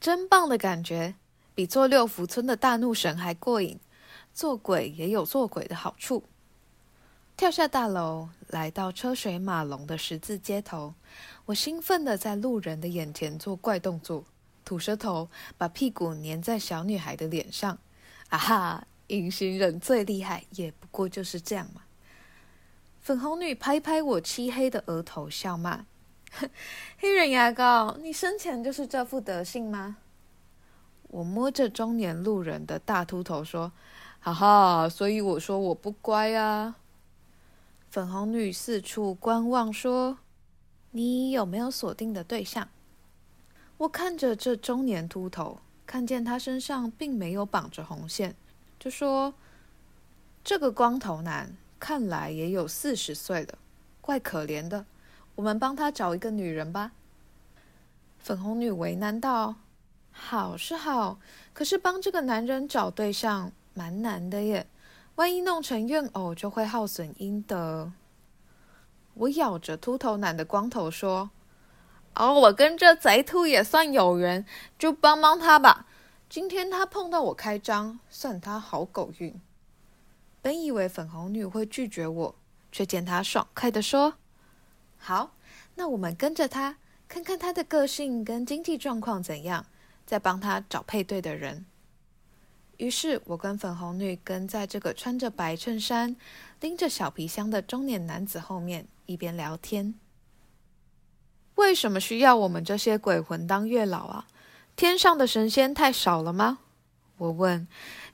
真棒的感覺，比坐六福村的大怒神還過癮。做鬼也有做鬼的好處。跳下大樓，來到車水馬龍的十字街頭，我興奮的在路人的眼前做怪動作，吐舌頭，把屁股粘在小女孩的臉上。啊哈！隱形人最厲害，也不過就是這樣嘛。粉紅女拍拍我漆黑的額頭，笑罵。 黑人牙膏，你生前就是這副德性嗎？我摸着中年路人的大禿頭說：“哈、啊、哈，所以我說我不乖啊。”粉紅女四處觀望說：“你有沒有鎖定的對象？”我看着這中年禿頭，看見他身上並沒有綁着紅線，就說：“這個光頭男看來也有四十歲了，怪可憐的。”我們幫他找一個女人吧。粉紅女為難道好是好，可是幫這個男人找對象蠻難的耶，萬一弄成怨偶就會耗損陰德。我咬着禿頭男的光頭說：“哦，我跟這賊禿也算有緣，就幫幫他吧。今天他碰到我開張，算他好狗運。”本以為粉紅女會拒絕我，卻見他爽快地說。好，那我們跟着他，看看他的個性跟經濟狀況怎樣，再幫他找配對的人。於是，我跟粉紅女跟在這個穿着白襯衫、拎着小皮箱的中年男子後面，一邊聊天。為什麼需要我們這些鬼魂當月老啊？天上的神仙太少了嗎？我問。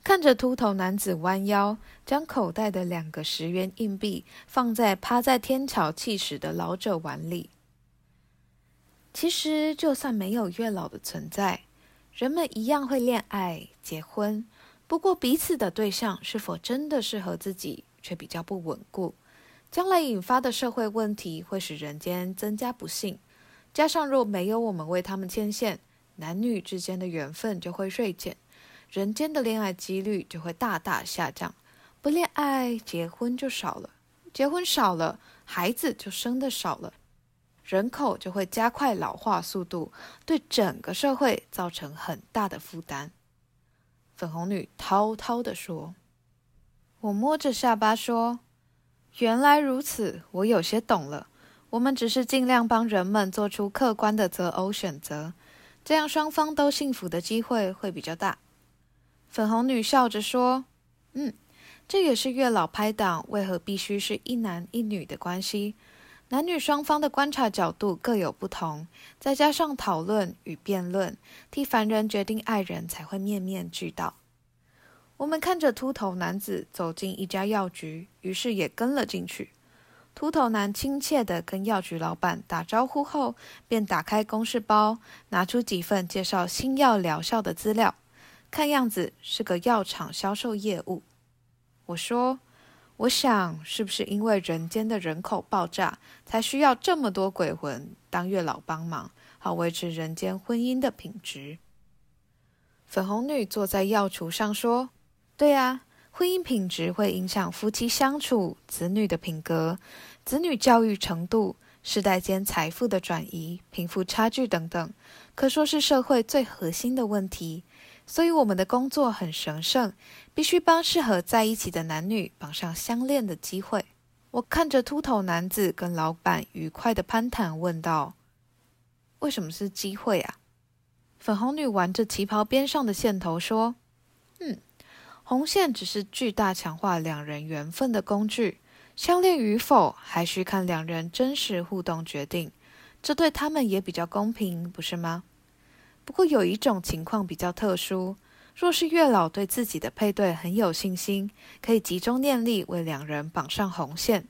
看着禿頭男子彎腰，將口袋的兩個十元硬幣放在趴在天橋乞食的老者碗裡。其實，就算沒有月老的存在，人們一樣會戀愛、結婚。不過，彼此的對象是否真的適合自己，卻比較不穩固。將來引發的社會問題會使人間增加不幸。加上，若沒有我們為他們牽線，男女之間的緣分就會銳減。人間的戀愛幾率就會大大下降，不戀愛，結婚就少了，結婚少了，孩子就生的少了，人口就會加快老化速度，對整個社會造成很大的負擔。粉紅女滔滔的說。我摸着下巴說，原來如此，我有些懂了。我們只是盡量幫人們做出客觀的擇偶選擇，這樣雙方都幸福的機會會比較大。”粉紅女笑着說：“嗯，這也是月老拍檔為何必須是一男一女的關係。男女雙方的觀察角度各有不同，再加上討論與辯論，替凡人決定愛人才會面面俱到。”我們看着禿頭男子走進一家藥局，於是也跟了進去。禿頭男親切的跟藥局老闆打招呼後，便打開公事包，拿出幾份介紹新藥療效的資料。看樣子是個藥廠銷售業務。我說：“我想，是不是因為人間的人口爆炸，才需要這麼多鬼魂當月老幫忙，好維持人間婚姻的品質？”粉紅女坐在藥櫥上說：“對啊，婚姻品質會影響夫妻相處、子女的品格、子女教育程度、世代間財富的轉移、貧富差距等等，可說是社會最核心的問題。”所以我們的工作很神聖，必須幫適合在一起的男女綁上相戀的機會。我看着禿頭男子跟老板愉快的攀談，問道：“為什麼是機會啊？”粉紅女玩着旗袍邊上的線頭說：“嗯，紅線只是巨大強化兩人緣分的工具，相戀與否還需看兩人真實互動決定。這對他們也比較公平，不是嗎？”不過有一種情況比較特殊，若是月老對自己的配對很有信心，可以集中念力為兩人綁上紅線，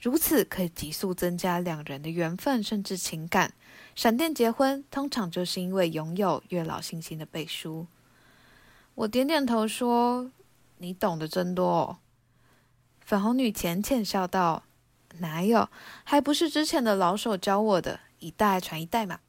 如此可以急速增加兩人的緣分甚至情感。閃電結婚通常就是因為擁有月老信心的背書。我點點頭說：“你懂得真多哦。”粉紅女淺淺笑道：“哪有？還不是之前的老手教我的，一代傳一代嘛。”